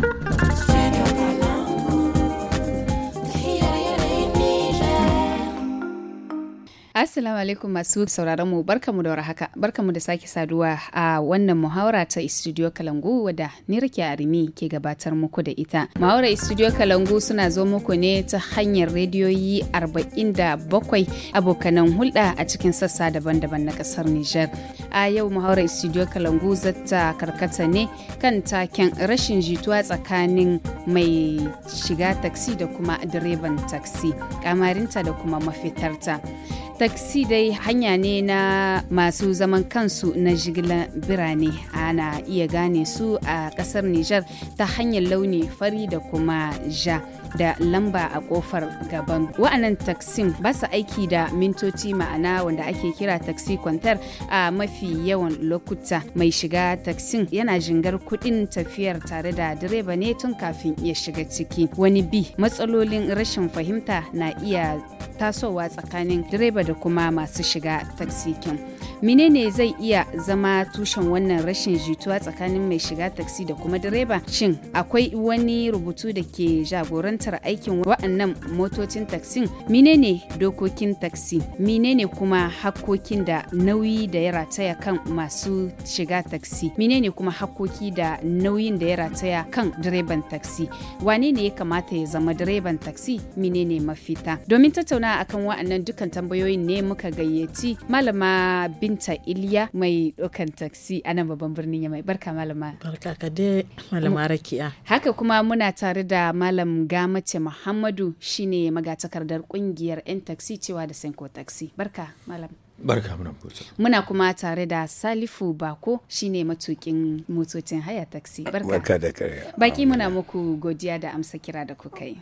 Ha ha! Assalamu alaikum masu sauraron mu barkamu da warhaka barkamu da sake saduwa a wannan muhawara ta Studio Kalangu wadda ni Arimi ke gabatar muku da ita. Muhawara Studio Kalangu suna zo muku ne ta hanyar rediyoyi 47 abokanan hulɗa a cikin sassa daban-daban na ƙasar Nijar. A yau muhawara Studio Kalangu zata karkata ne kan taken rashin jituwa tsakanin mai shiga taksi da kuma direban taksi, kamarinta da kuma mafitarta. taksi dai hanya ne na masu zaman kansu na jigilar birane ana iya gane su a kasar Nijar ta hanyar launi fari da kuma ja. da lamba a kofar gaban wa'annan taksin ba su aiki da mintoci ma'ana wanda ake kira taksi kwantar a mafi yawan lokuta mai shiga taksin yana jingar kuɗin tafiyar tare da direba ne tun kafin ya shiga ciki wani bi matsalolin rashin fahimta na iya tasowa tsakanin direba da kuma masu shiga taksikin menene zai iya zama tushen wannan rashin jituwa tsakanin mai shiga taksi da kuma direba shin akwai wani rubutu da ke jagoran ingantar aikin wa'annan motocin taksin menene dokokin taksi menene kuma hakkokin da nauyi da ya rataya kan masu shiga taksi menene kuma hakkoki da nauyin da ya rataya kan direban taksi wane ne ya kamata ya zama direban taksi menene mafita domin tattauna akan wa'annan dukkan tambayoyin ne muka gayyaci malama binta iliya mai ɗaukan taksi a nan babban birnin yamai barka malama barka malama mm. haka kuma muna tare da malam gama Mace Muhammadu shine magatakardar kungiyar 'yan taxi cewa da Senko Taxi. Barka, Malam. Barka muna Muna kuma tare da Salifu Bako shine matukin motocin haya taxi. Barka. Barka da Baki muna muku godiya da amsa kira da kuka yi.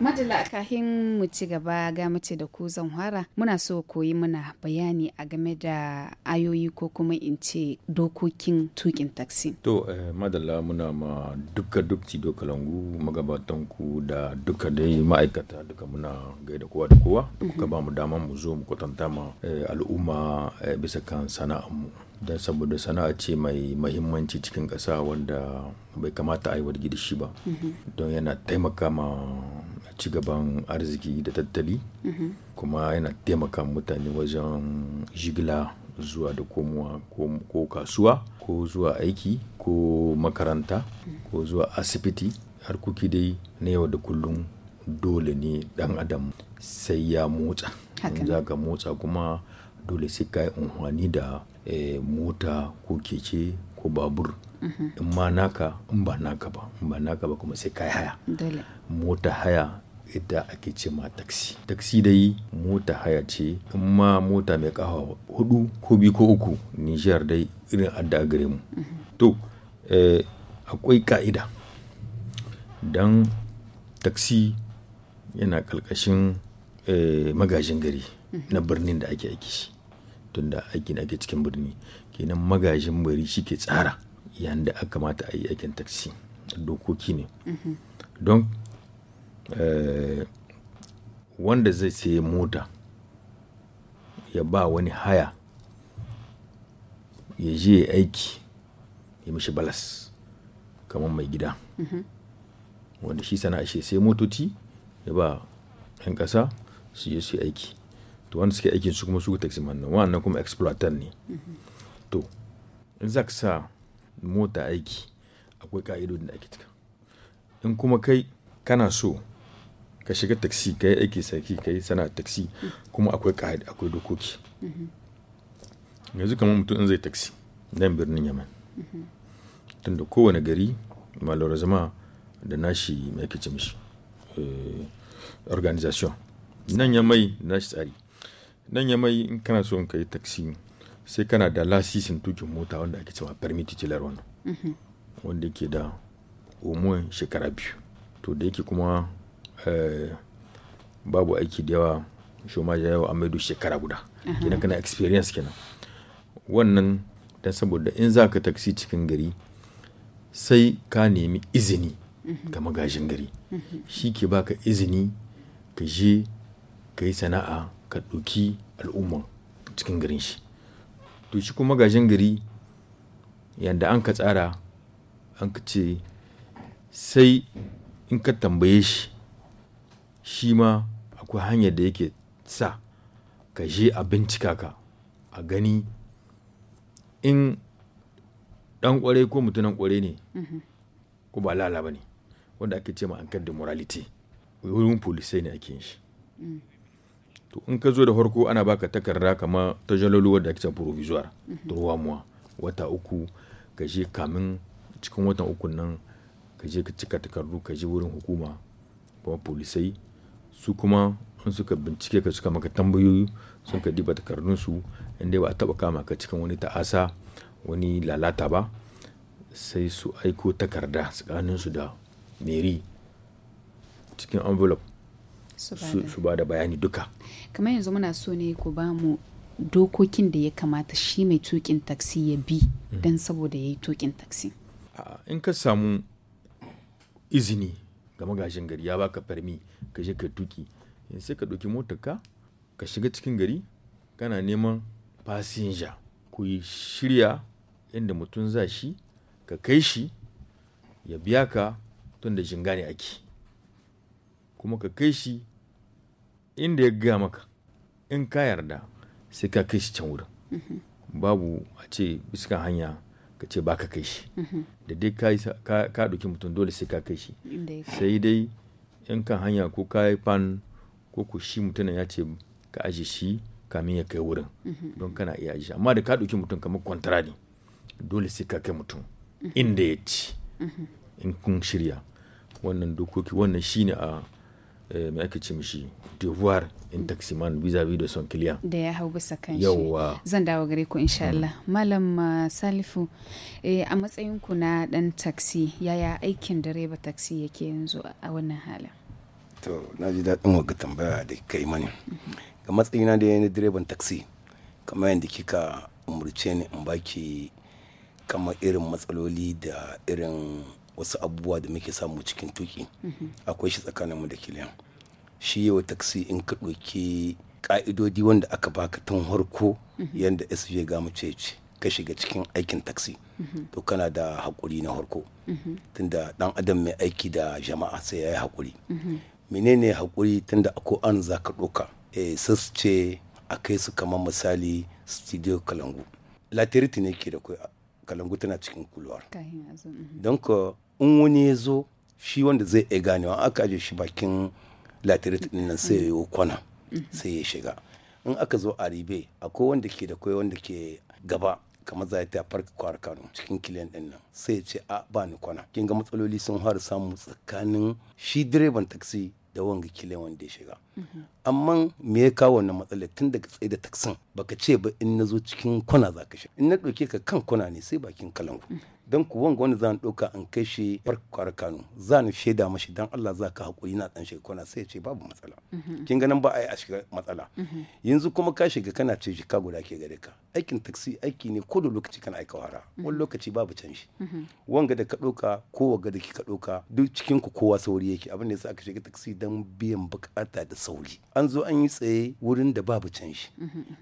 Madala kahin mu ci gaba ga mace da ku zan hara muna so koyi muna bayani a game da ayoyi ko kuma in ce dokokin tukin taksi. To eh, madala muna ma duka dukci dokalangu magabatan ku da duka dai ma'aikata duka muna gaida kowa da kowa da kuka mhm. ba mu dama mu zo mu kwatanta ma eh, al'umma eh, bisa kan sana'anmu. Dan saboda sana'a ce mai mahimmanci cikin ƙasa wanda bai kamata a yi wargi shi ba mhm. don yana taimaka ma cigaban arziki da tattali kuma yana taimaka mutane wajen jigila zuwa da komowa ko kasuwa ko zuwa aiki ko makaranta ko zuwa asibiti harkoki dai na yau da kullum dole ne dan adam sai ya motsa za ka motsa kuma dole sai ka yi unhwani da eh, mota ko keke ko babur mhm. in ma naka in ba naka ba in ba naka ba kuma sai ka yi haya mota haya ita ake ce ma taksi taksi dai mota haya ce in ma mota mai kafa hudu ko biyu ko uku nijar dai irin adda gare mu to eh, akwai ka'ida don taksi yana kalkashin eh, magajin gari na birnin da ake aiki shi tunda aiki ake cikin birni kenan magajin bari shi ke tsara yadda da aka kamata a yi aikin taksi dokoki ne uhm. don Eh, wanda zai saya mota ya ba wani haya ya je ya aiki ya mishi balas kamar mai gida mm-hmm. wanda shi sana'a shi sai motoci ya ba 'yan ƙasa su je su aiki to wanda suke aikin su kuma su taxi man nan wannan kuma exploiter ne mm-hmm. to in za ka sa mota aiki akwai ka'idodin da ake cika in kuma kai kana so ka shiga taxi ka yi aiki saki ka yi sana taxi kuma akwai akwai dokoki yanzu kamar mutum in zai taxi nan birnin yaman tunda kowane gari malawar zama da nashi mai kicin shi eh, organization nan ya mai nashi tsari nan ya mai in kana so in ka yi taxi sai kana da lasisin tukin mota wanda ake cewa permit titular wannan wanda yake da omoyin shekara biyu to da yake kuma Eh, babu aiki da yawa shoma ya a amaidu shekara guda kenan kana experience kenan wannan dan saboda in zaka ka taksi cikin gari sai ka nemi izini mhm. ga magajin gari mhm. shi ke baka izini ka je ka yi sana'a ka ɗauki al'umma cikin garin shi to shi kuma magajin gari yadda an ka tsara an ka ce sai in ka tambaye shi shi ma akwai hanyar da yake sa ka je a bincika ka a gani in ɗan kwarai ko mutunan kwarai ne ko ba lala ba ne wanda ake ce ma an da morality wurin polisai ne ake shi to in ka zo da farko ana baka takarda kamar ta jalolo wadda ake can provisoire ruwa muwa wata uku ka je kamin cikin watan uku nan ka je ka cika takardu ka je wurin hukuma kuma polisai su kuma in suka bincike ka suka maka tambayoyi sun ka diba takardunsu inda ba a taba kama ka cikin wani ta'asa wani lalata ba sai su aiko takarda tsakaninsu da meri cikin envelope su ba da bayani duka kamar yanzu muna so ne ku ba mu dokokin da ya kamata shi mai tukin taksi ya bi mm. don saboda ya yi tukin taksi in ka samu izini ga magashin gari ya baka farmi ka je ka tuki sai ka ɗauki motarka ka shiga cikin gari kana neman fasinja ku yi shirya inda mutum za shi ka kai shi ya biya ka tun da jinga ne ake kuma ka kai shi inda ya gaya maka in ka yarda sai ka kai shi can wurin mm-hmm. babu a ce biskan hanya ka ce ba ka kai shi mm-hmm. da dai ka ka ɗauki mutum dole sai ka kai shi sai dai in kan hanya ko ka yi fan ko ku shi mutum ya ce ka aje shi kamin ya kai wurin mhm. don kana iya aje amma da ka ɗauki mutum kamar kwantara ne dole sai ka kai mutum mhm. inda ya ci mhm. in kun shirya wannan dokoki wannan shine a Eh, mai ake ce mishi devoir in vis-a-vis de son kiliyan. da ya hau bisa kan shi yawa zan dawo gare ku insha mm. Allah malam ah, salifu eh, a matsayin ku na dan taxi yaya aikin direba taxi yake yanzu a wannan halin to na ji daɗin waga tambaya da kai mani ga matsayina da yana direban taxi kamar yadda kika umurce ni in baki kamar irin matsaloli da irin wasu abubuwa da muke samu cikin tuki mhm. akwai shi mu da kiliyan shi yau taksi in ka ɗauki ƙa'idodi wanda aka baka tun harko yadda sj ga mu ce ka shiga cikin aikin taksi mhm. to kana da haƙuri na harko mhm. tunda ɗan adam mai aiki da jama'a sai ya yi haƙuri menene haƙuri tunda ako an za ka ɗauka eh, sai ce a kai su kamar misali studio kalangu latiriti ne ke da kai kalangu tana cikin kulwar mhm. don ka in wani ya zo shi wanda zai iya ganewa aka aje shi bakin latirit din nan sai ya kwana mhm. sai ya shiga in aka zo a ribe akwai wanda ke da kwai wanda ke gaba kamar za ta farka kwar kano cikin kiliyan din nan sai ya ce a ba ni kwana kin ga matsaloli sun fara samu tsakanin shi direban taxi da wanga kiliyan wanda ya shiga amma me ya kawo wannan matsala tun daga tsaye da taksan baka ce ba in na cikin kwana za ka in na ɗauke ka kan kwana ne sai bakin kalangu don ku wanga wanda ni ɗauka an kai shi farkwar kano za ni shaida mashi don Allah za ka haƙuri na ɗan shiga kwana sai ya ce babu matsala kin ganin ba a yi a shiga matsala yanzu kuma ka shiga kana ce jika guda ke gare ka aikin taksi aiki ne ko da lokaci kana aika wara wani lokaci babu canji wanga da ka ɗauka ko waga da ka ɗauka duk cikin ku kowa sauri yake abin da yasa aka shiga taksi don biyan bukata da sauri sauri an zo an yi tsaye wurin da babu can shi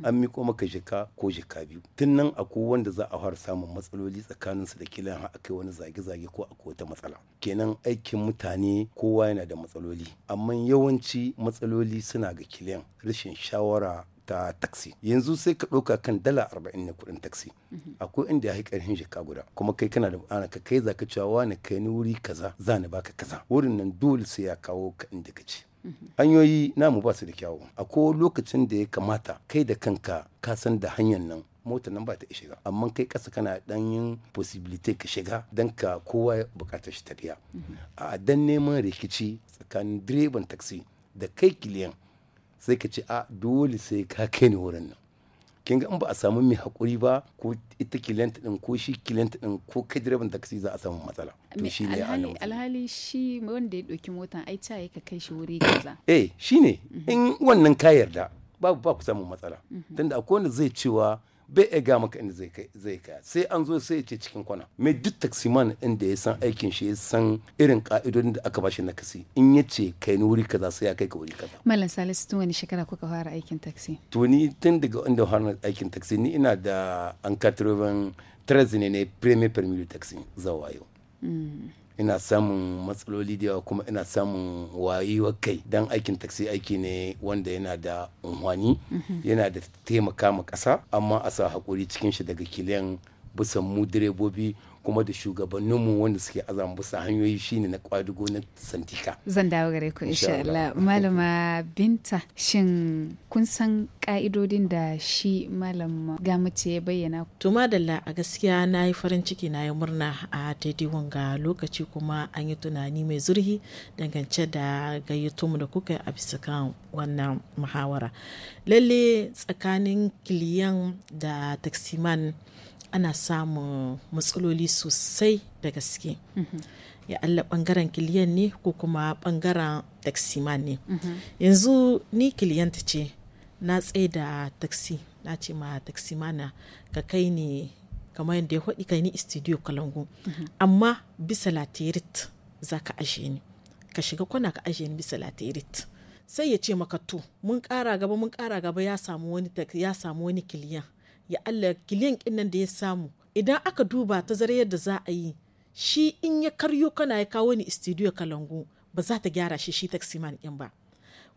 an miko maka jika ko jika biyu tun nan akwai wanda za a fara samun matsaloli tsakanin su da kila a akai wani zage-zage ko akwai wata matsala kenan aikin mutane kowa yana da matsaloli amma yawanci matsaloli suna ga kiliyan rashin shawara ta taxi yanzu sai ka ɗauka kan dala arba'in ne kuɗin taxi akwai inda ya yi hin jaka guda kuma kai kana da ana ka kai zaka cewa wani kai ni wuri kaza za ni baka kaza wurin nan dole sai ya kawo ka inda ka ce hanyoyi namu ba su da kyawu a ko lokacin da ya kamata kai da kanka ka san da hanyar nan mota nan ba ta shiga amma kai kasa kana dan yin possibility ka shiga dan ka kowa bukatar shi tafiya a dan neman rikici tsakanin direban taxi da kai kiliyan sai ka ce a dole sai ka kai ni wurin nan kin ga in ba a samu mai hakuri ba ko ita kilent din ko shi kilent din ko kai direban taxi za a samu matsala to shi ne alhali shi wanda ya ɗauki motan ai ca ka kai shi wuri kaza eh shine mhm. in wannan ka yarda babu ba ku samu matsala mhm. tunda akwai wanda zai cewa bai iya ga maka inda zai kaya sai an zo sai ya ce cikin kwana mai duk taksiman inda da ya san aikin shi ya san irin ka'idodin da aka bashi na kasi in ya ce kai ni wuri kaza sai ya kai ka wuri kaza malam salisu tun wani shekara kuka fara aikin taksi. to ni tun daga inda fara aikin taksi ni ina da an katrovan 13 ne na premier permis taksi zawa yau. Mm. ina samun matsaloli da yawa kuma ina samun wayewar kai don aikin taksi aiki ne wanda yana da unhwani mhm. yana da taimaka ma ƙasa amma a sa haƙuri cikin shi daga kiliyan bisa mu direbobi kuma da shugabanninmu wanda suke azama bisa hanyoyi shine na kwadugo na santika zan dawo gare ku insha Allah malama binta shin kun san ka'idodin da shi malam gamace ya bayyana to madalla a gaskiya na yi farin ciki na yi murna a daidai wanga lokaci kuma an yi tunani mai zurhi dangance da mu da kuka a bisa kan wannan muhawara lalle tsakanin kiliyan da taksiman ana samun matsaloli sosai da gaske ya Allah bangaren kiliyan ne ko kuma bangaren taksima ne yanzu ni kiliyant ce na tsaye da taksi na ce ma ma na ka kai ne kamar yadda ya haɗi kai ni studio kalangu amma bisa latirit za ka ashe ni ka shiga kwana ka ashe ni bisa latirit sai ya ce maka to mun ƙara gaba mun ƙara gaba ya samu wani kiliyan ya Allah kiliyan kinnan da ya samu idan aka duba ta yadda za a yi shi in ya karyo kana ya kawo ni studio kalangu ba za ta gyara shi shi man din ba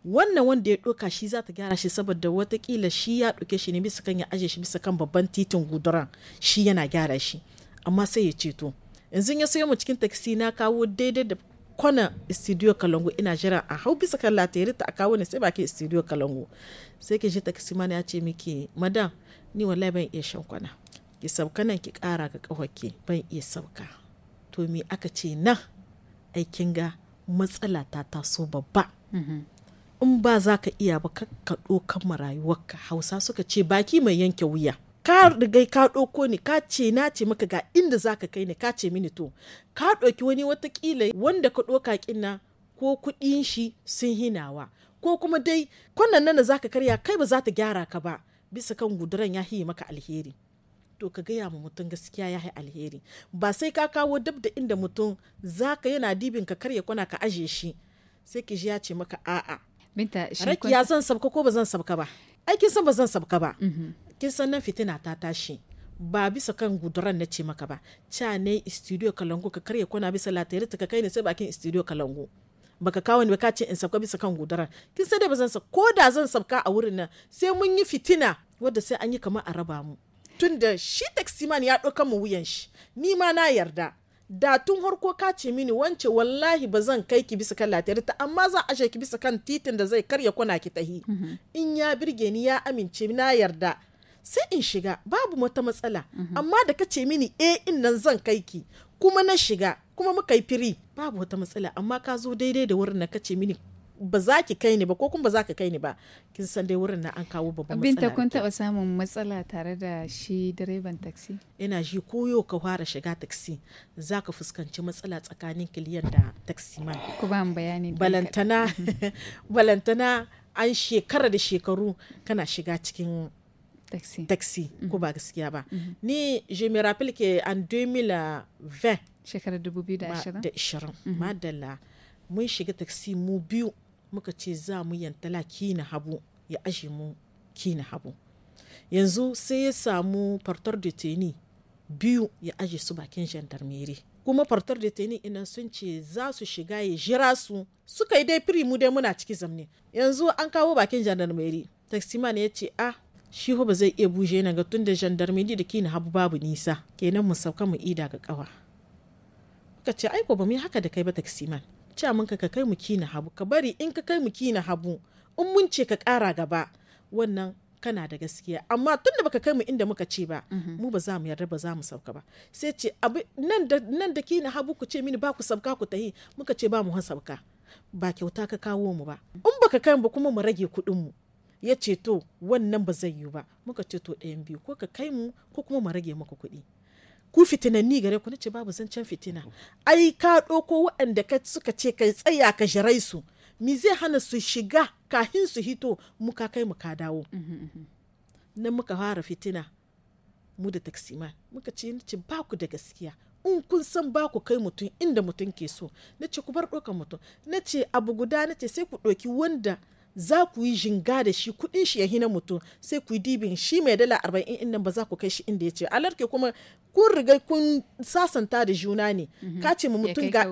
wannan wanda ya ɗauka shi za ta gyara shi saboda watakila shi ya ɗauke shi ne bisa kan ya aje shi bisa kan babban titin guduran shi yana gyara shi amma sai ya ceto yanzu ya sayo mu cikin taxi na kawo daidai da kwana studio kalangu ina jira a hau bisa kan lateri ta a kawo ne sai baki studio kalangu sai ke shi taksi man ya ce miki madam ni wallahi ban iya shan kwana ki sauka nan ki kara ga ƙawake ban iya sauka to me aka ce na aikin ga matsala ta taso babba mm-hmm. in ba za ka iya ba ka kan rayuwarka hausa suka ce baki mai yanke wuya ka riga ka ɗauko ni ka ce na ce maka ga inda za ka kai ni ka ce mini to ka ɗauki wani watakila wanda ka ɗoka kinna ko kuɗin shi sun hinawa ko kuma dai kwanan nan za ka karya kai ba za ta gyara ka ba bisa kan guduran ya yi maka alheri to ka gaya ma mutum gaskiya ya yi alheri ba sai ka kawo dab da inda mutum za ka yana dibin ka karya kwana ka aje shi sai ki ji ya ce maka a'a binta shi ya zan sabka ko ba zan sabka ba ai kin san ba zan sabka ba mhm. kin san nan fitina ta tashi ba bisa kan guduran na ce maka ba ca ne studio kalangu ka karya kwana bisa latayar ta ka kai ne sai bakin studio kalangu baka kawo ni ba ka ce in sauka bisa kan gudara kin sai dai ba zan sa ko da zan sauka a wurin nan sai mun yi fitina wanda sai an yi kamar a raba mu tun da shi man ya ɗauka mu wuyan shi ni ma na yarda da tun harko ka ce mini wance wallahi ba zan kai ki bisa kan latari ta amma za ashe ki bisa kan titin da zai karya kwana ki tahi mhm. in ya birge ni ya amince na yarda sai in shiga babu wata matsala mhm. amma da ka ce mini eh in nan zan kai ki kuma na shiga kuma muka yi firi babu wata matsala amma ka zo daidai da wurin na kace mini ba za ki kai ni ba ko kuma ba za ka kai ni ba kin san dai wurin na an kawo babban matsala binta kun taba samun matsala tare da shi direban taxi ina ji koyo ka fara shiga taxi za ka fuskanci matsala tsakanin kiliyan da taxi man ku ba bayani balantana balantana an shekara da shekaru kana shiga cikin taxi ko mhm. ba gaskiya ba mhm. ni je me rappelle que en 2020 shekarar 2020 mhm. madalla mun shiga taksi mu biyu muka ce za mu yantala kina habu ya ashe mu kina habu yanzu sai ya samu fartar da teni biyu ya aje su bakin gendarmeri kuma fartar da teni inan sun ce za su shiga ya jira su suka yi dai firi mu dai muna ciki zamne yanzu an kawo bakin gendarmeri taximan ya ce a, ah, shi ba zai iya buje na ga tun da da kina habu babu nisa kenan mu sauka mu ida ga kawa Ka ce 'Aiko ba mu haka da kai ba man ce mun ka kai mu kina habu ka bari in ka kai mu kina habu in mun ce ka kara gaba wannan kana da gaskiya amma tun da baka kai mu inda muka ce ba mhm. mu ba za mu yarda ba za mu sauka ba sai ce nan da nan da kina habu ku ce mini ba ku sauka ku tahi muka ce ba mu han sauka ba kyauta ka kawo mu ba in baka kai mu kuma mu rage kuɗin mu ya ce to wannan ba zai yiwu ba muka ce to ɗayan biyu ko ka kai mu ko kuma mu rage maka kuɗi ku fitinanni gare ku nace babu zancen fitina ai ka ɗauko waɗanda ka suka ce kai tsaya ka jarai su mi zai hana su shiga kahin su hito mu ka kai mu ka dawo nan muka fara fitina mu da taksima muka ce nace ba ku da gaskiya in kun san ba ku kai mutum inda mutum ke so nace ku bar ɗaukan mutum nace abu guda nace sai ku ɗauki wanda za ku yi jinga da shi kuɗin shi ya hina mutum sai ku yi dibin shi mai dala arba'in inda ba za ku kai shi inda ya ce alarke kuma kun riga kun sasanta da juna ne mhm. ka ce ma mutum ga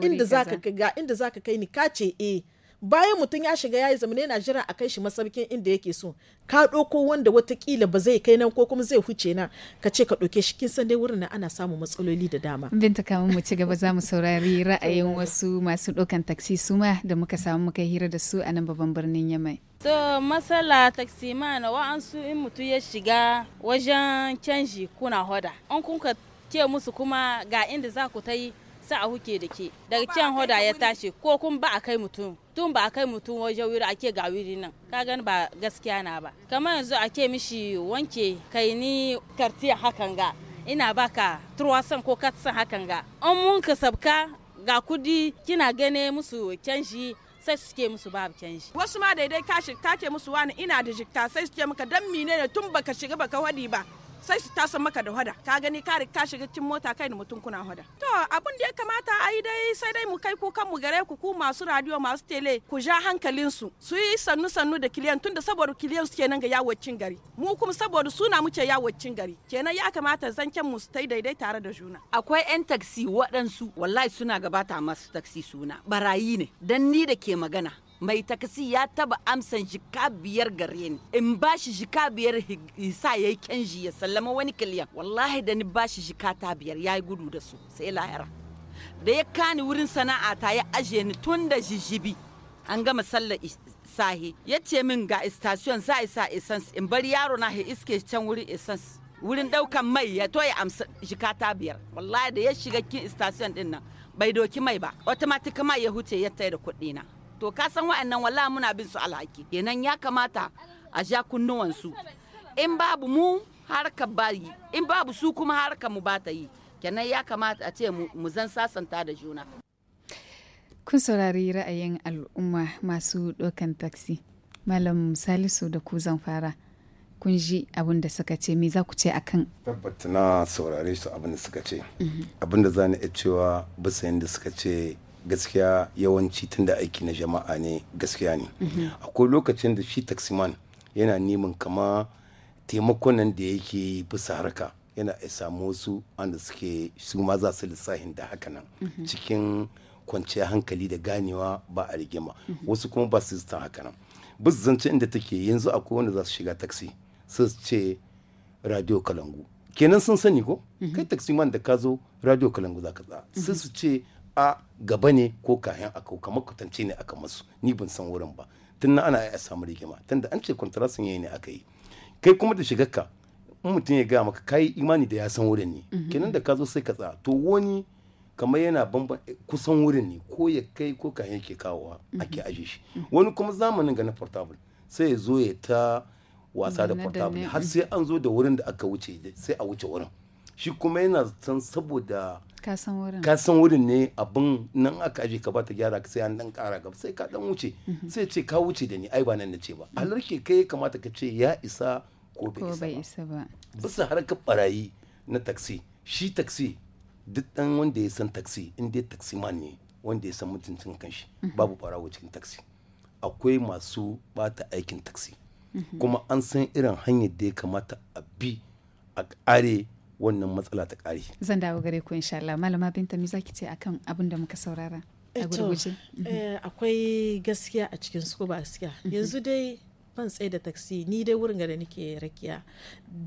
inda za ka kai ni ka ce eh bayan mutum ya shiga ya yayi zamane na jira a kai shi masaukin inda yake so ka ɗauko wanda watakila ba zai kai nan ko kuma zai huce na ka ce ka ɗauke shi kin san dai wurin nan ana samun matsaloli da dama binta kama mu ci gaba za mu saurari ra'ayin wasu masu ɗaukan taksi suma da muka samu muka hira da su a nan babban birnin yamai to masala taksi mana wa'ansu in mutum ya shiga wajen canji kuna hoda an kun ka ce musu kuma ga inda za ku ta yi sa a huke da ke daga can hoda ya tashi ko kun ba a kai mutum tun ba a kai mutum wajen wuri ake ga wuri nan ka gani ba gaskiya na ba kamar yanzu ake mishi wanke kai ni kartiya hakan ga ina baka turwasan ko katsan hakan ga an mun ka sabka ga kudi kina gane musu canji sai suke musu babu canji. Wasu ma daidai kashi kake musu wani ina da jikta sai suke maka dan mine ne tun baka shiga baka wadi ba sai su tasa maka da hada ka gani ka ka shiga cikin mota kai da mutum kuna hada to abun da ya kamata a yi dai sai dai mu kai kukan mu gare ku ku masu radio masu tele ku ja hankalin su su yi sannu sannu da kiliyan tunda saboda kiliyan su kenan ga yawacin gari mu kuma saboda suna muke yawancin gari kenan ya kamata zancen mu su tai daidai tare da juna akwai yan taksi waɗansu wallahi suna gabata masu taksi suna barayi ne dan ni da ke magana mai takasi ya taba amsan jika biyar gare ni in ba shi jika biyar sa yayi kyanji ya sallama wani kiliyan wallahi da ni ba shi jika ta biyar yayi gudu da su sai lahira da ya kani wurin sana'a ta ya ajiye ni tun da jijibi an gama sallar sahi ya ce min ga istasiyon za a isa essence in bar yaro na ya iske can wurin essence wurin daukan mai ya to amsa jika ta biyar wallahi da ya shiga kin istasiyon din nan bai doki mai ba automatic mai ya huce ya tayar da kuɗi na to ka san wa'annan wala muna bin su alhaki kenan ya kamata a ja kunnuwan su in babu mu harka bayi in babu su kuma harka mu ba ta yi kenan ya kamata a ce mu zan sasanta da juna kun saurari ra'ayin al'umma masu ɗaukan taksi malam salisu da ku zan fara kun ji abin da suka ce me za ku ce akan tabbata na saurare su abin da suka ce mhm. abin da za ni cewa bisa yadda suka ce gaskiya yawanci tunda aiki na jama'a ne gaskiya ne akwai lokacin da shi taximan yana neman kama taimakon nan da yake bisa harka yana samu wasu wanda suke su ma za su lissahin da haka nan cikin kwanciyar hankali da ganewa ba a rigima wasu kuma ba su zata haka nan bus zance inda take yanzu akwai wanda za su shiga taksi su ce radio kalangu kenan sun sani ko kai taksiman da ka zo radio kalangu za ka tsaya su ce a gaba ne ko kayan aka kamar kwatance ne aka masu ni ban san wurin ba tun na ana a samu rigima da an ce kwantarasin yayi ne aka yi kai kuma da shiga ka in mutum ya gaya maka kayi imani da ya san wurin ne mhm. kenan da ka zo sai ka tsaya to wani kamar yana bamban kusan wurin ne ko ya kai ko kayan yake kawowa mhm. ake aje shi mhm. wani kuma zamanin ga na portable sai ya zo ya ta wasa da portable har sai an zo da wurin da aka wuce sai a wuce wurin shi kuma yana san saboda kasan wurin wurin ne abin nan aka aje ka bata gyara sai an dan kara gaba sai ka dan wuce mhm. sai ce ka wuce da ni ai ba nan ce ba mhm. halarke kai kamata ka ce ya isa ko bai isa ba bisa harkar barayi na taxi shi taxi duk dan wanda ya san taxi in dai taxi man ne wanda ya san mutuncin kanshi mhm. babu barawo cikin taxi akwai masu bata aikin taxi kuma an san irin hanyar da ya kamata a bi a kare wannan matsala ta ƙari. Zan dawo gare ku insha Allah malama Binta me zaki ce akan abin da muka saurara? a eh gurguje. Eh, akwai gaskiya a cikin su ba gaskiya. Mhm. Yanzu dai ban tsaye da taksi ni dai wurin da nake rakiya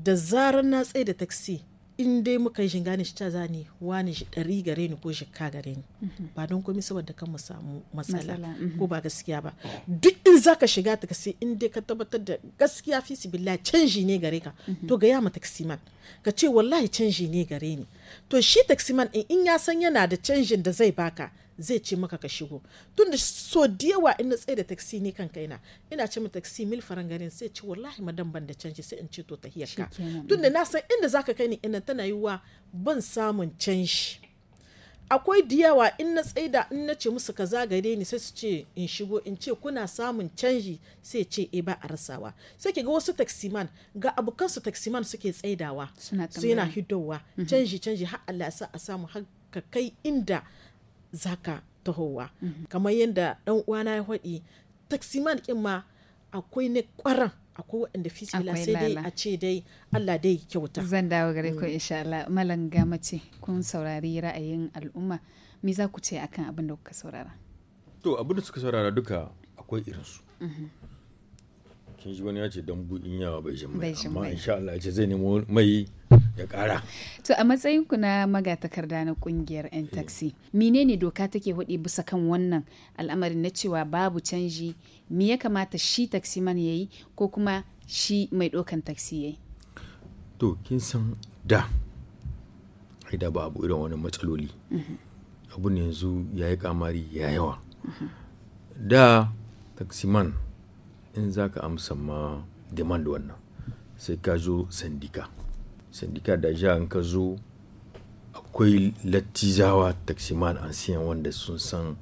da zarar na tsaye da taksi in dai muka yi shinga ni shi ta zani wani shi ɗari gare ni ko ka gare ni. Mhm. ba don komai saboda kan mu samu matsala mhm. ko ba gaskiya ba duk in za ka shiga ta sai in dai ka tabbatar da gaskiya fi sibilla canji ne gare ka mhm. to ga ya ma taksiman ka ce wallahi canji ne gare ni to shi taksiman in ya san yana da canjin da zai baka zai ce maka ka shigo tun da so da yawa in na tsaye da taksi ni kan kaina ina ce taksi mil faran garin sai ce wallahi madan ban da canji sai in ce to tahiyar ka tun da na san inda zaka kai ni ina tana yiwa ban samun canji akwai diyawa in na tsaida in na ce musu ka zagare ni sai su ce in shigo in ce kuna samun canji sai ce e ba a rasawa sai ga wasu taksiman ga abokan su taksiman suke tsaidawa su yana hidowa mhm. canji canji har Allah sa a samu har ka kai inda zaka tahowa mhm. kamar yadda dan uwana ya faɗi taksiman kin ma akwai ne kwaran akwai waɗanda fisila sai dai a ce dai Allah dai kyauta zan dawo gare ku mm. insha Allah malam gamace kun saurari ra'ayin al'umma me za ku ce akan abin da kuka saurara to abin da suka saurara duka akwai irinsu mhm. kin shi wani ya ce don buɗin yawa bai shi mai amma insha Allah ya ce zai nemo mai ya kara to a matsayin ku na magatakarda na ƙungiyar yan taxi menene doka take hudi bisa kan wannan al'amarin na cewa babu canji me ya kamata shi taxi man ya yi ko kuma shi mai dokan taxi yi. to kin san da ai da babu irin wani matsaloli mhm. abun yanzu ya yi kamari ya yawa mhm. da taximan in za ka amsa ma demand wannan sai ka zo sandika sandika da ja in ka zo akwai lattijawa taksiman ansiyan wanda sun san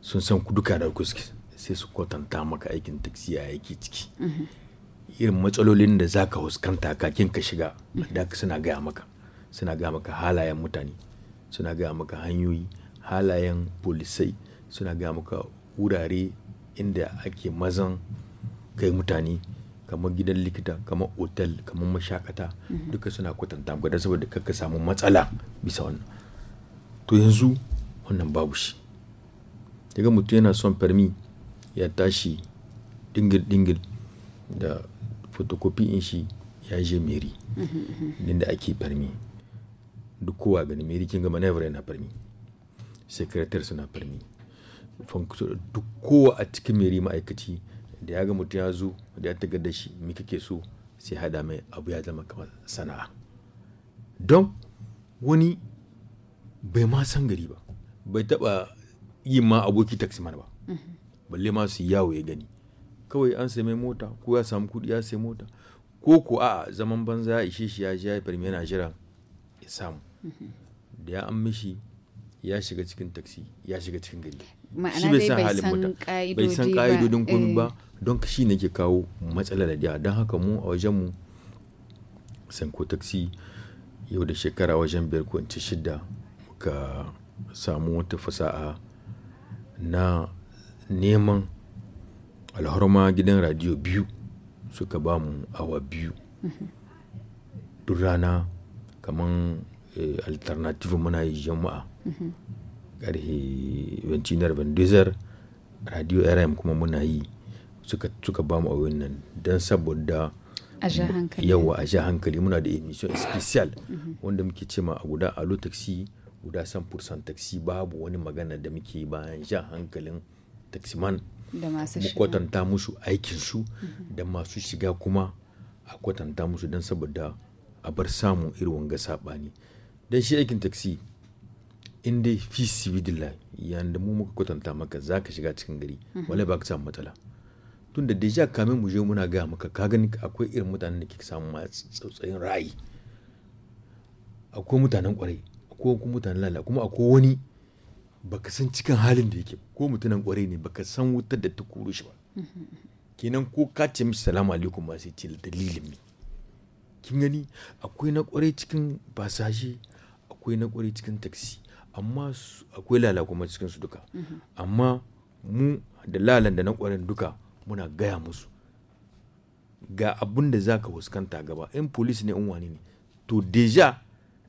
sun san duka da kuski sai su kwatanta maka aikin taksi a yake ciki irin matsalolin da za ka huskanta kakin ka shiga da suna gaya maka suna gaya maka halayen mutane suna gaya maka hanyoyi halayen polisai suna gaya maka wurare inda ake mazan kai mutane kamar gidan likita kamar otal kamar mashakata mhm. duka suna kwatanta gwada saboda kakka samu matsala bisa wannan to yanzu wannan babu shi daga mutum yana son farmi ya tashi dingil-dingil da fotokofi in shi ya je meri mhm, inda mhm. ake farmi duk kowa gani meri kin gama never yana farmi sekretar suna farmi duk kowa a cikin meri ma'aikaci da ya ga mutum ya zo da ya tagar da shi mai kake so sai hada mai abu ya zama kamar sana'a don wani bai ma san gari ba bai taɓa yin ma aboki taksi mana ba balle ma su yawo ya gani kawai an sai mai mota ko ya samu kuɗi ya sai mota ko ko a zaman banza ya ishe shi ya ji ya farmi yana jira ya samu da ya an mishi ya shiga cikin taksi ya shiga cikin gari shi bai san halin bai san ka'idodin komi ba eh. don shi ne ke kawo matsalar da don haka mu a wajen mu sanko taxi yau da shekara wajen biyar ko shida ka samu wata fasaha na neman alhorma gidan radiyo biyu suka ba mu awa biyu mm-hmm. duk rana kamar eh, alternative muna yi jama'a mm-hmm. karhe vencinar vendizar radio rm kuma muna yi suka suka ba mu a nan don saboda yawa a sha hankali muna da emission special wanda muke cema a guda alo taxi guda 100% taxi babu wani magana da muke bayan sha hankalin taximan mu kwatanta musu aikinsu mhm. da masu shiga kuma a kwatanta musu don saboda a bar samun irin wanga saɓani don shi aikin taxi in dai fi sibidillah yayin da mu muka kwatanta maka za ka shiga cikin gari mhm. wala ba ka samu matsala tun da deja kamin mu je muna gaya maka ka gani akwai irin mutanen da ke samu masu tsautsayin ra'ayi akwai mutanen kwarai akwai kuma mutanen lalata kuma akwai wani baka san cikin halin da yake ko mutanen kwarai ne baka san wutar da ta kuro shi ba kenan ko ka ce mishi salamu alaikum ba sai ce dalilin mi kin gani akwai na kwarai cikin basashi akwai na kwarai cikin taksi amma akwai lala kuma cikinsu duka amma mu da lalan da na kwarin duka muna gaya musu ga abin da za ka huskanta gaba in polisi ne in wani ne to deja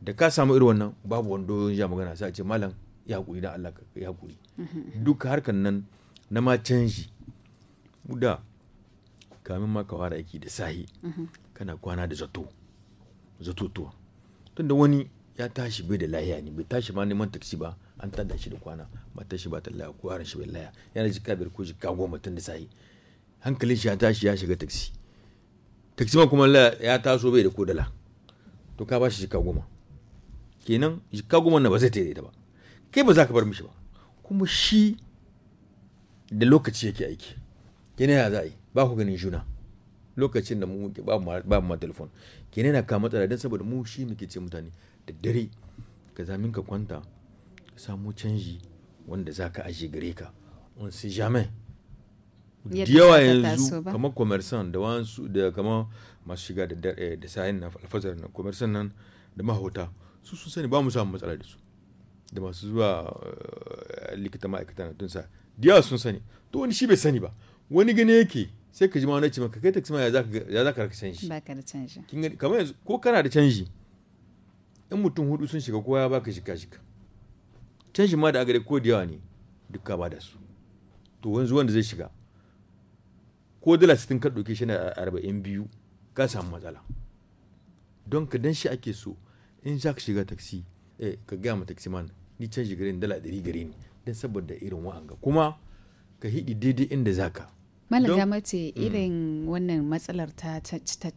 da ka samu irin wannan babu wanda doyon ja magana sai a ce malam ya hakuri da Allah ya hakuri duk harkan nan na ma canji mu da kamin ma ka fara aiki da sahi kana kwana da zato zato tuwa tunda wani ya tashi bai da lahiya ne bai tashi ma neman taxi ba an tada shi da kwana ba tashi ba ta laya ko yaran shi bai laya yana ji kabir ko shi goma tun da sai hankalin shi ya tashi ya shiga taxi taxi ma kuma ya taso bai da kodala to ka ba shi jika goma kenan jika goma na ba zai tare ta ba kai ba za ka bar mishi ba kuma shi da lokaci yake aiki kenan ya za a yi ba ku ganin juna lokacin da mu ba mu ma telefon kenan na kama matsala don saboda mu shi muke ce mutane da dare ka zamin ka kwanta ka samu canji wanda za ka ajiye gare ka on si jamais da yawa yanzu kamar commerçant da wasu da kama masu shiga da da sayan na alfazar na commerçant nan da mahauta su sun sani ba mu samu matsala da su da masu zuwa eh, likita ma'aikata na tunsa da yawa sun sani to wani shi bai sani ba wani gani yake sai ka ji ma wani ce maka kai taxi ma ya za ka raka canji ba ka da canji kamar yanzu ko kana da canji in mutum hudu sun shiga kowa ya baka shika shika can shi ma da agare ko da yawa ne duka ba da su to wanzu wanda zai shiga ko dala sitin ka ɗauke shi na arba'in biyu ka samu matsala don ka dan shi ake so in za ka shiga taksi eh ka gaya ma taksi man ni can shiga dala ɗari gari ne don saboda irin wa'anga kuma ka hidi daidai inda zaka Malaga mace mm. irin wannan matsalar ta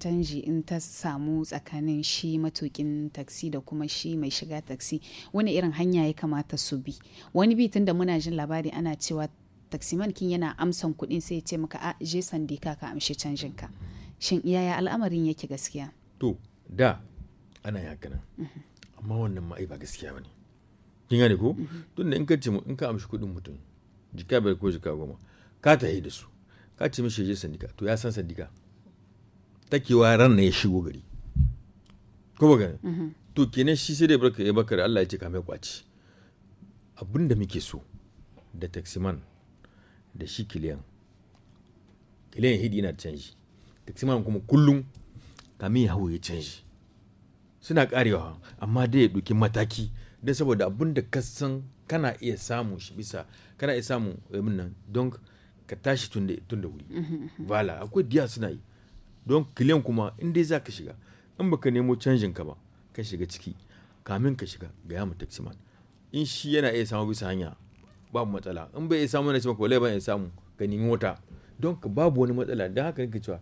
canji in ta samu tsakanin shi matukin taksi da kuma shi mai shiga taksi wani irin hanya ya kamata su bi wani bi tun da muna jin labari ana cewa taksiman kin yana amsan kuɗin sai ya ce maka a je sandika ka amshi canjin ka shin iyaya al'amarin yake gaskiya to da ana ya haka mm-hmm. amma wannan ma'ai ba gaskiya bane kin gane ko mm-hmm. tunda in ka ce in ka amshi kuɗin mutum jika bai ko jika goma ka tahi da su ka ce mishi je sandika to ya san sandika takewa ran na ya shigo gari ko ba gani mhm. to kenan shi sai dai barka ya bakar Allah ya ce ka mai kwaci abin muke so da taximan da shi kiliyan kiliyan hidi yana canji taximan kuma kullum kamin ya hau ya canji suna karewa amma dai ya ɗauki mataki don saboda abin da ka kana iya samu shi bisa kana iya samu nan don ka tashi tun da wuri mhm, mhm. vala akwai diya suna yi don kiliyan kuma in dai za ka shiga in baka nemo canjin ka ba ka shiga ciki kamin ka shiga ga yamu man in shi yana iya samu bisa hanya babu matsala in bai iya samu na cewa kwalai ba ya samu ka nemi wata don ka babu wani matsala don haka nake cewa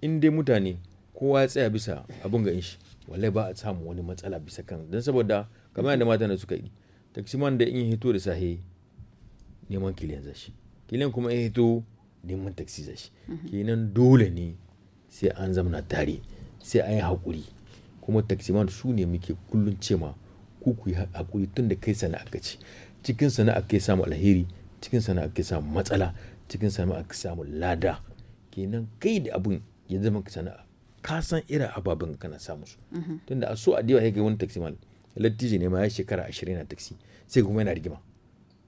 in dai mutane kowa ya tsaya bisa abin ga in shi walai ba a samu wani matsala bisa kan don saboda kamar yadda mata na suka yi taximan da in hito da sahe neman kiliyan zashi kilan kuma ya hito neman taksi za shi kenan dole ne sai an zamana tare sai an yi haƙuri kuma man su ne muke kullum cema ku ku yi haƙuri tun da kai sana'a ka ce cikin sana'a kai samu alheri cikin sana'a kai samu matsala cikin sana'a kai samu lada kenan kai da abin ya zama ka sana'a ka san irin ababen kana samu su mhm. tun da a so a diwa ya ga wani man lattiji ne ma ya shekara ashirin na taksi sai kuma yana rigima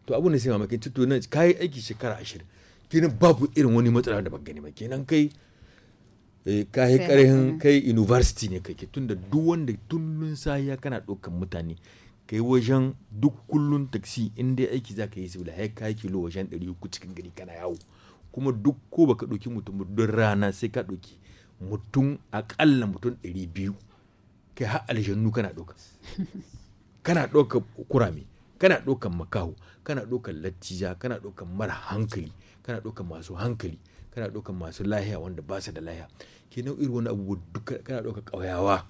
to abun da sai mamakin ci to nan kayi aiki shekara ashirin kenan babu irin wani matsala da ban gani ba kenan kai eh, ka yi karihin kai university ne kake tunda duk wanda tullun sahiya kana ɗaukan mutane kai wajen duk kullun taxi inda aiki za ka yi saboda kai ka kilo wajen ɗari uku cikin gari kana yawo kuma duk ko baka ɗauki mutum duk rana sai ka ɗauki mutum aƙalla mutum ɗari biyu kai har aljannu kana ɗauka kana ɗauka kurame kana ɗaukan makaho kana ɗaukan lattija kana ɗaukan mara hankali kana ɗaukan masu hankali kana ɗaukan masu lahiya wanda ba su da lahiya ke nau'ir wani abubuwa duka kana ɗaukan ƙauyawa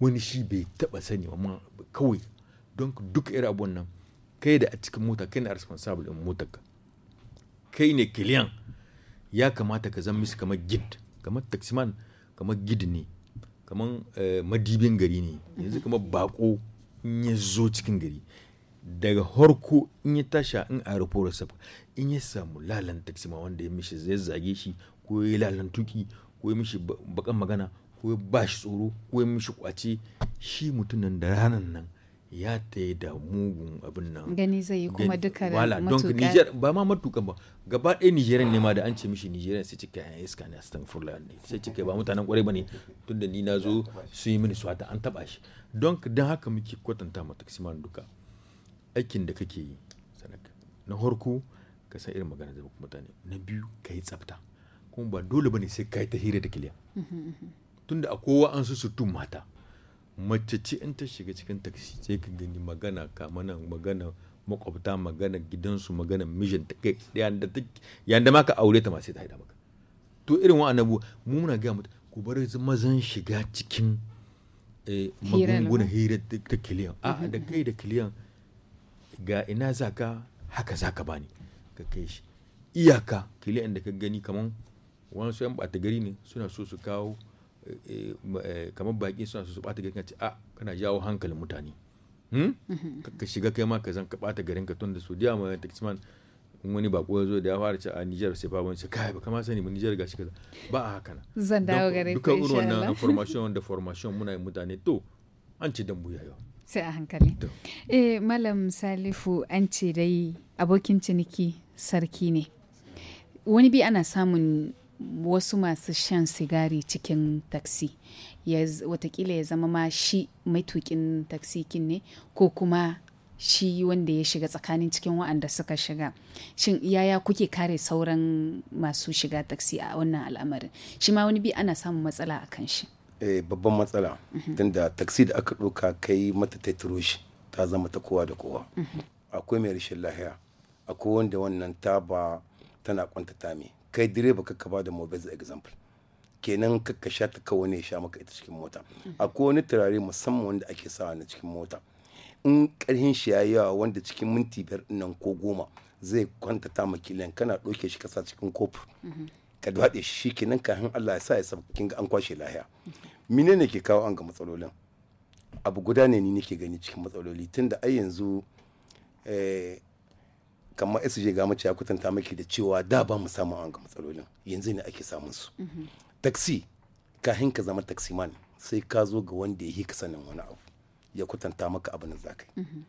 wani shi bai taɓa sani amma kawai don duka irin abubuwan nan kai da a cikin mota kai ne responsable in motar ka kai ne kiliyan ya kamata ka zama misu kamar gid kamar taximan kamar gid ne kamar eh, madibin gari ne yanzu kamar bako in ya zo cikin gari daga harko in ya tasha in aeroporosaf in ya samu lalan taksima wanda ya mishi zai zage shi ko ya lalan tuki ko ya mishi bakan magana ko ya ba shi tsoro ko ya mishi kwace shi mutumin da ranan nan ya ta yi da mugun abin nan gani zai yi kuma duka wala don Niger ba ma matukan ba gaba ɗaya Nigerian ne ma da an ce mishi Nigerian sai cika yan iska ne astan furla ne sai cika ba mutanen kwarai tun da ni na zo su yi mini swata an taba shi don dan haka muke kwatanta ma taksiman duka aikin da kake yi sanaka na harko ka san irin magana zai mutane na biyu ka yi tsafta kuma ba dole ba ne sai ka yi ta hira da kiliya tunda a kowa an su sutu mata mace ce in ta shiga cikin taksi sai ka gani magana kamanan magana makwabta magana gidansu magana mijin ta kai yanda ma ka aure ta masu ta haida maka to irin anabu mu muna ga mutu ku bar mazan shiga cikin magungunan eh, hira da kiliyan a da kai da kiliyan ga ina ka haka zaka bani ka kai shi iyaka kiliyan da ka gani kaman wasu yan bata gari ne suna so su kawo eh, eh, kamar baki suna so su bata gari ce a ah, kana jawo hankalin mutane hmm? mm-hmm. ka shiga kai ma ka zan ka bata garin ka tunda su diya ma taxman in wani bako ya zo da ya fara ci a ah, Nijar sai ba ce kai ba kama sani ba Nijar gashi kaza ba a haka na zan dawo garin ka insha Allah duka wannan information da formation muna yi mutane to an ci dambu yayo sai a hankali eh malam salifu an ce dai abokin ciniki sarki ne wani bi ana samun wasu masu shan sigari cikin taksi watakila ya zama ma shi maitukin kin ne ko kuma shi wanda ya shiga tsakanin cikin wa'anda suka shiga shin yaya kuke kare sauran masu shiga taksi a wannan al'amarin shi ma wani bi ana samun matsala a kan shi Eh, babban matsala mhm. tunda taksi da aka ɗauka kai mata ta turoshi ta zama ta kowa da kowa mhm. akwai mai rashin lahiya akwai wanda wannan ta ba tana kwantata me kai direba kakka ba da mobile example kenan kakka sha ta kawo ne sha maka ita cikin mota mhm. akwai wani turare musamman wanda ake sawa na cikin mota in karhin shi ya yawa wanda cikin minti biyar nan ko goma zai kwantata ma kiliyan kana ɗauke shi kasa cikin kofi ka dwaɗe shi kenan kafin Allah ya sa ya sabu kin ga an kwashe lahiya mine ne ke kawo an ga matsalolin abu guda ne ni nake gani cikin matsaloli tunda ai yanzu eh, kamar sj ga mace ya kutanta maki da cewa da ba mu samun an ga matsalolin yanzu ne ake samun su mhm. Taksi kahan ka zama taksi man sai ka zo ga wanda ya yi ka sanin wani abu ya kutanta maka abin da zakai yi mhm.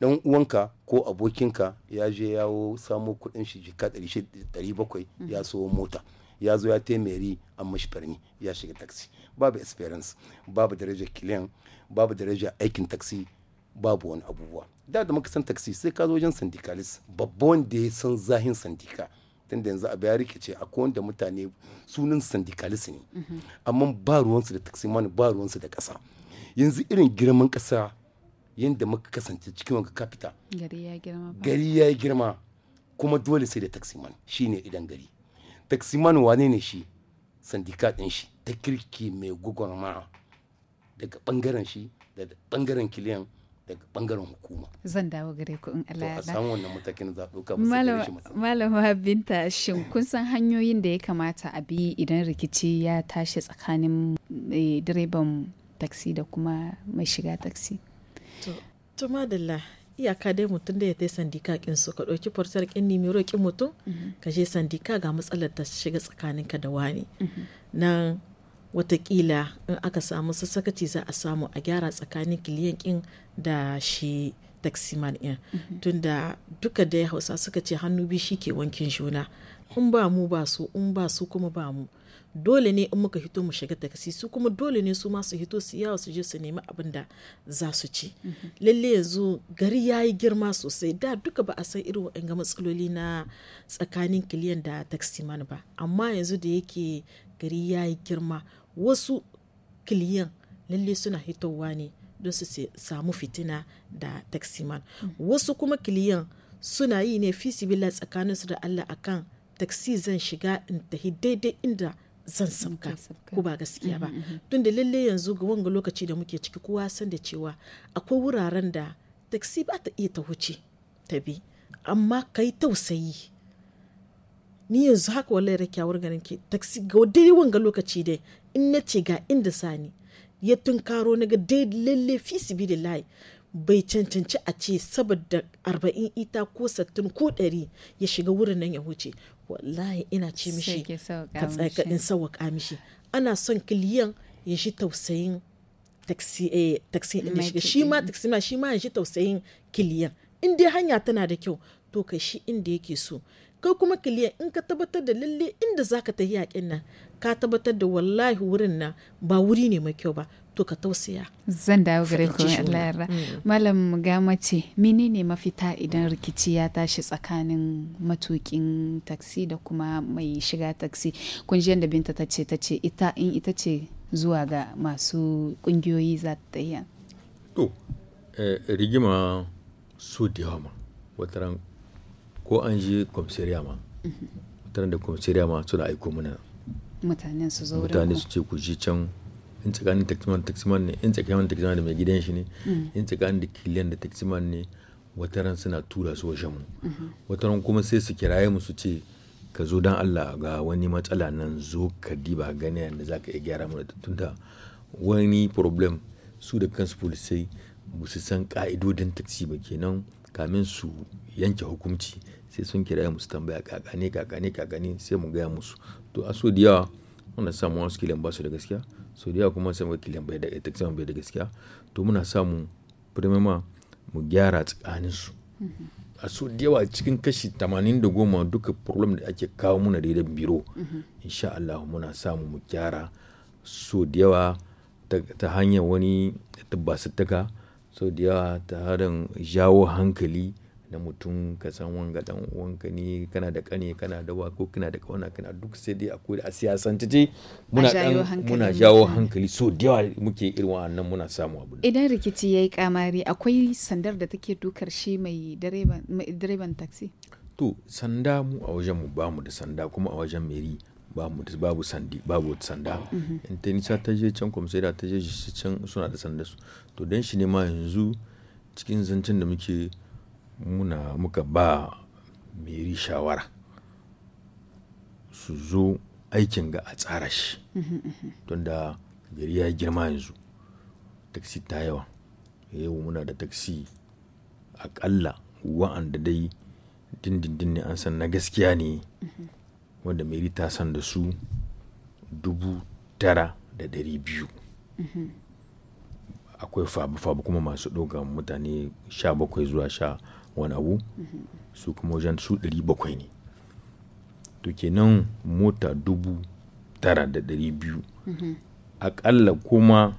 dan uwanka ko abokinka ya je yawo samo kudin shi jika 700 ya mhm. so mota ya zo ya taimari an mashi farni ya shiga taksi babu experience babu darajar kiliyan babu darajar aikin taxi babu wani abubuwa da da muka san taxi sai ka zo wajen sindikalis babba wanda ya san zahin sindika da yanzu abu ya rikice a wanda mutane sunan sindikalis ne mm-hmm. amma ba ruwansu da taxi mani ba ruwansu da ƙasa yanzu irin girman ƙasa yadda muka kasance cikin wanka kafita gari ya girma kuma dole sai da taxi man shine idan gari taximan wane ne shi syndicate din shi ta kirki mai ma daga bangaren shi daga bangaren kiliyan daga bangaren hukuma. Zan dawo gare ku in Allah ya ba samu wannan matakin za ɗauka Malama Binta shin kun san hanyoyin da ya kamata a bi idan rikici ya tashi tsakanin eh, direban taxi da kuma mai shiga to To madalla iyaka dai mutum da ya tai sandika kin su ka ɗauki portar kin nimero kin mutum mhm. ka je sandika ga matsalar ta shiga tsakanin ka da wani mhm. nan watakila in aka samu sassakaci za a samu a gyara tsakanin kiliyan kin da shi taximan ɗin mhm. tunda duka dai hausa suka ce hannu bi shi ke wankin juna in ba mu ba su in ba su kuma ba mu dole ne in muka hito mu shiga takasi su kuma dole ne su masu hito su yawo su je su nemi abin da za su ci lalle yanzu gari ya yi girma sosai da duka ba a san irin waɗanga matsaloli na tsakanin kiliyan da man ba amma yanzu da yake gari ya yi girma wasu kiliyan lalle suna hitowa ne don su samu fitina da man wasu kuma kiliyan suna yi ne fi tsakaninsu da allah akan taksi zan shiga in tafi daidai inda zan ko ba gaskiya ba mm-hmm, mm-hmm. tun da lalle yanzu ga wanga lokaci da muke ciki kowa san da cewa akwai wuraren da taxi ba ta iya ta wuce ta bi amma kai tausayi ni yanzu haka wallahi rake wurin ganin ke taksi ga dai wanga lokaci dai in na ce ga inda sani ya tunkaro na ga dai lalle fi layi bai cancanci a ce saboda arba'in ita ko sattin ko ɗari ya shiga wurin nan ya wuce wallahi ina ce mishi ka tsakaɗin sauwaƙa mishi ana son kiliyan ya shi tausayin taksi eh, ɗin shiga shi ma taksi ma shi ma ya shi tausayin kiliyan in hanya tana da kyau to ka shi inda yake so kai kuma kiliyan in ka tabbatar da lalle inda za ka ta yaƙin nan ka tabbatar da wallahi wurin nan ba wuri ne mai kyau ba to ka tausaya zan dawo gare ku Allah mm. malam gamace menene mafita idan rikici ya tashi tsakanin matukin taksi da kuma mai shiga taksi kun ji yadda binta ta ce ta ce ita in ita ce zuwa ga masu kungiyoyi za ta yi to eh, rigima su da ma wataran ko an ji komisariya ma mhm. wataran da komisariya ma suna aiko mana mutanen su zo mutane su ce ku ji can in tsakanin taximan taximan ne in tsakanin taximan da mai gidan shi ne mm. in tsakanin da kiliyan da taximan ne wataran suna tura su wajen mu mm-hmm. wataran kuma sai su kiraye mu su ce ka zo dan Allah ga wani matsala nan zo ka diba gane yadda zaka iya gyara mu da tunta wani problem su da kansu polisai ba su san ka'idodin taxi ba kenan kamin su yanke hukunci sai sun kiraye mu su tambaya kakane kakane kakane sai mu gaya musu to aso da yawa muna samun wasu kilin ba su da gaskiya so da kuma sai mu kiliyan bai da ita bai da gaskiya to muna samun firmama mu gyara tsakanin su a so da yawa cikin kashi 80 da goma duka problem da ake kawo muna da idan biro insha Allah muna samu mu gyara so da yawa ta hanyar wani tabbasattaka so da yawa ta harin jawo hankali na mutum ka san wanga dan uwanka ne kana da kane kana da wa ko kana da kauna kana duk sai dai akwai a siyasance dai muna dan muna jawo hankali so da yawa muke irin wannan muna samu abu idan rikici yayi kamari akwai sandar da take dukar shi mai direban mai direban taxi to sanda mu a wajen mu bamu da sanda kuma a wajen meri babu babu sandi babu sanda mm-hmm. in ta nisa ta je can da ta je can suna da sanda su to don shi ne ma yanzu cikin zancen da muke muna muka ba meri shawara su zo aikin ga a tsara shi don da gari ya girma yanzu taksi ta yawa yau muna da taksi akalla wa'anda dai dindindin ne an san na gaskiya ne wanda meri ta san da su dubu tara da dari biyu akwai fabu-fabu kuma masu ɗoga mutane sha bakwai zuwa sha wani abu su kuma wajen su ɗari bakwai ne to kenan mota dubu tara da ɗari biyu aƙalla kuma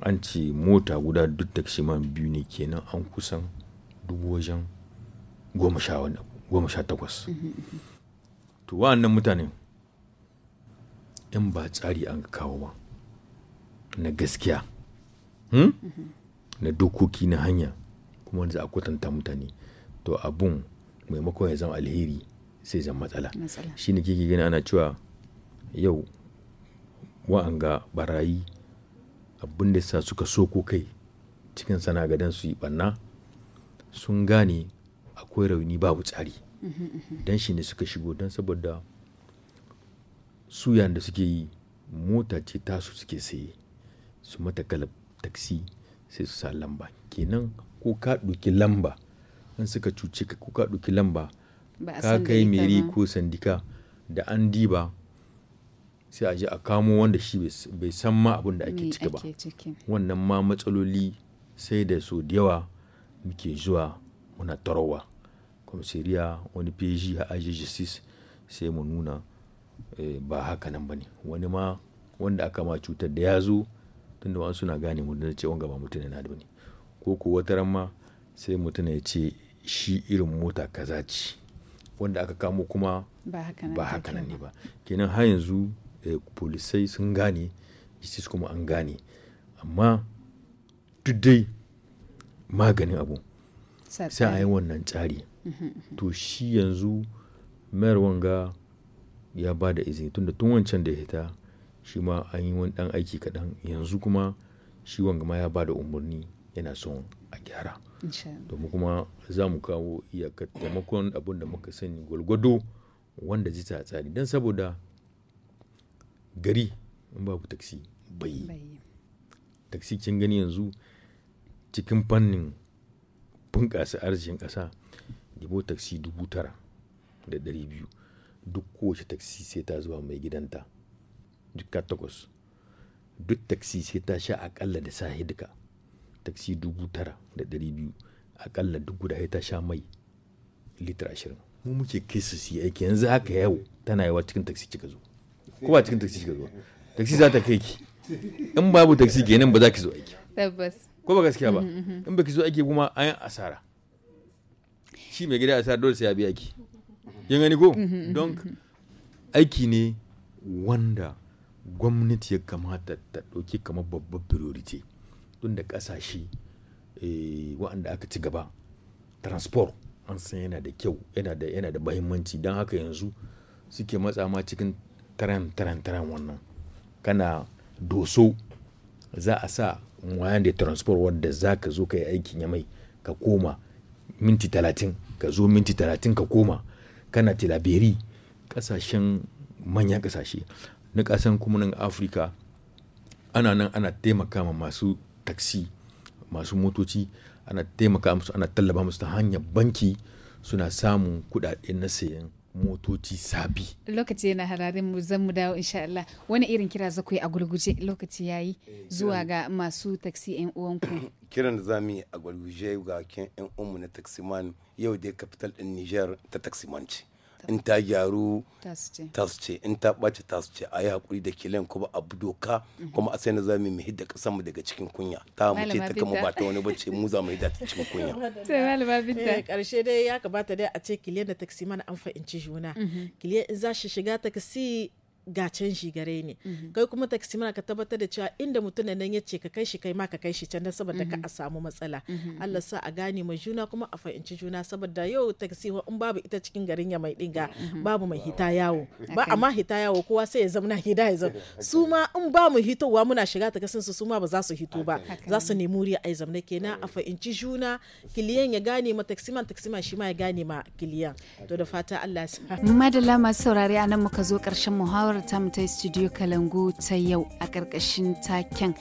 an ce mota guda duk da man biyu ne kenan an kusan dubu wajen goma sha takwas to wa'annan mutane in ba tsari an kawo ba na gaskiya hmm? na dokoki na hanya kuma wanda za a kwatanta mutane to abun maimakon ya zama alheri sai zan matsala shi ne kike gani ana cewa yau ga barayi abin da sa suka ko kai cikin sana gadan su yi banna sun gane akwai rauni babu tsari dan shi ne suka shigo don saboda suyan da suke yi mota ce tasu suke saye su mata kalab taksi sai su sa lamba kenan ko ka ɗauki lamba in suka cuce ka ko ka ɗauki lamba ka kai meri ko sandika da an diba sai a je a kamo wanda shi bai san ma abin da ake ciki ba wannan ma matsaloli sai da so da yawa muke zuwa muna tarawa kwamsiriya wani peji a aji justice sai mu nuna eh, ba haka nan ba ne wani ma wanda aka ma cutar da ya zo tun da wani suna gane mu da wanga gaba mutum na da ba ne ko ko wata ma sai mutum ya ce shi irin mota kaza ce wanda aka kamo kuma ba haka nan ne ba kenan har yanzu eh, polisai sun gane justice kuma an gane amma duk dai maganin abu sai a yi wannan tsari mhm, mhm. to shi yanzu mayar wanga ya ba da izini tunda tun wancan da ya hita shi ma an yi wani dan aiki kaɗan yanzu kuma shi wanga ma ya ba da umarni yana son a gyara domin kuma za mu kawo iyakar taimakon abin da muka sani gwalgwado wanda zai ta tsari don saboda gari in babu taksi bai taksi kin gani yanzu cikin fannin bunƙasa arzikin ƙasa dubu taksi dubu tara da ɗari biyu duk kowace taksi sai ta zuwa mai gidanta duk takwas duk taksi sai ta sha akalla da sahi duka taksi dubu tara da dari biyu akalla duk guda ta sha mai litar ashirin mu muke kai su su aiki yanzu haka yau tana yawa cikin taksi kika zo ko ba cikin taksi kika zo taksi za ta kai ki in babu taksi kenan ba za ki zo aiki tabbas ko ba gaskiya ba mm-hmm, mm-hmm. in ba ki zo aiki kuma an yi asara shi mai gida asara dole sai ya biya ki yin gani ko mm-hmm, don aiki ne wanda gwamnati ya kamata ta ɗauki kamar babbar priority tun da kasashe eh, waɗanda aka ci gaba transport an san yana da kyau yana da mahimmanci don haka yanzu suke matsa ma cikin taran taran taran wannan kana doso za a sa wayan da transport wanda za ka zo ka yi aikin ya mai ka koma minti talatin ka zo minti talatin ka koma kana tilaberi kasashen manyan kasashe na kasan kuma nan afirka ana nan ana taimaka ma masu taxi masu motoci ana taimaka musu ana tallaba musu ta hanyar banki suna samun kuɗaɗe na sayan motoci sabi. Lokaci yana hararin mu zan mu dawo insha Allah. Wani irin kira za ku yi a gurguje lokaci yayi eh, zuwa ga masu taksi yan uwanku. Kiran da za mu yi a gurguje ga yan uwanmu na man yau dai kapital ɗin Niger ta ce in ta gyaru tasce in ta ɓace tasce a yi hakuri da kilan kuma abu doka kuma a mhm. sai na za mu mu hidda ƙasarmu daga cikin kunya ta mu ce ta kama ba ta wani bace mu za mu hidda ta cikin kunya. sai karshe eh, dai ya kamata dai a ce kiliyan da taksi mana an fahimci juna mhm. kiliyan in za shi shiga taksi ga canji gare ne mhm. kai kuma taksi ka tabbatar da cewa inda mutum nan ya ce ka kai shi kai ma ka kai shi can dan saboda ka mhm. a samu matsala mhm. Allah sa a gane ma juna kuma a fahimci juna saboda yau taksi in babu ita cikin garin ya mai dinga babu mai hita yawo ba amma hita yawo kowa sai ya zauna hida ya zama su ma in ba mu hitowa muna shiga ta kasan su su ma ba za su hito ba za su nemi wuri a zamna kenan a fahimci juna kiliyan ya gane ma taxi ma shi ma ya gane ma kiliyan to da fata Allah ya sa madalla masu saurare anan muka zo karshen muhawara muhawarar tamu ta studio kalangu ta yau a ƙarƙashin taken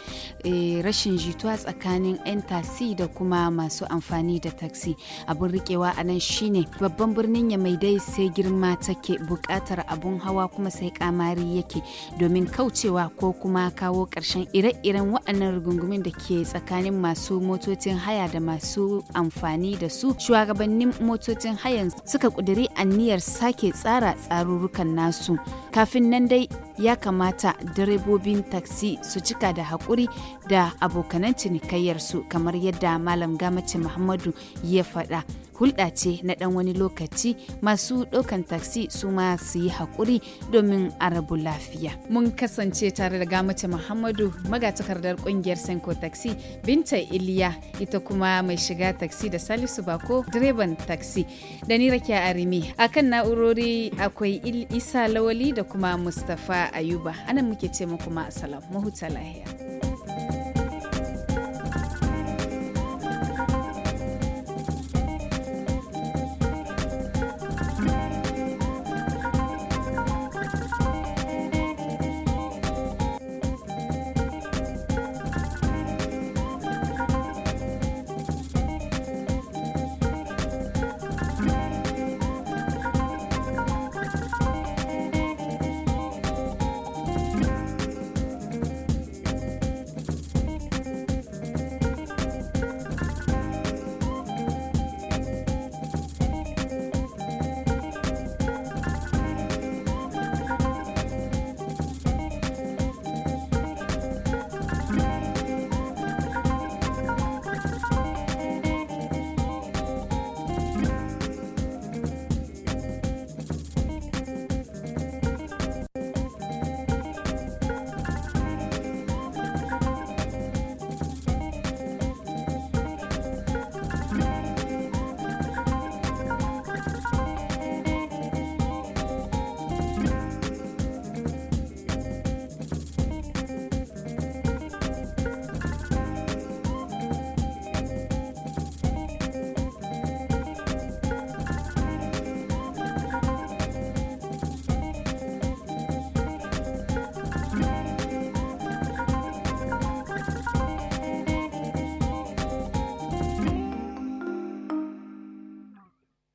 eh, rashin jituwa tsakanin 'yan tasi da kuma masu amfani da taksi abin rikewa a nan shine babban birnin ya mai dai sai girma take buƙatar abun hawa kuma sai kamari yake domin kaucewa ko kuma kawo ƙarshen ire-iren waɗannan rigungumin da ke tsakanin masu motocin haya da masu amfani da su shugabannin motocin hayan suka ƙudiri aniyar sake tsara tsarurrukan nasu kafin nan Monday ya kamata direbobin taksi su cika da haƙuri da abokanan cinikayyar su kamar yadda malam gamace muhammadu ya faɗa hulɗa ce na ɗan wani lokaci masu ɗaukan taksi su ma su yi haƙuri domin a rabu lafiya. Mun kasance tare da gamace Muhammadu magatakardar ƙungiyar Senko taksi Binta Iliya ita kuma mai shiga taksi da Salisu Bako direban taksi da ni Rakiya Arimi kan na'urori akwai Isa Lawali da kuma Mustapha Ayuba, anan muke ce muku ma asalam, mahuta lahiya.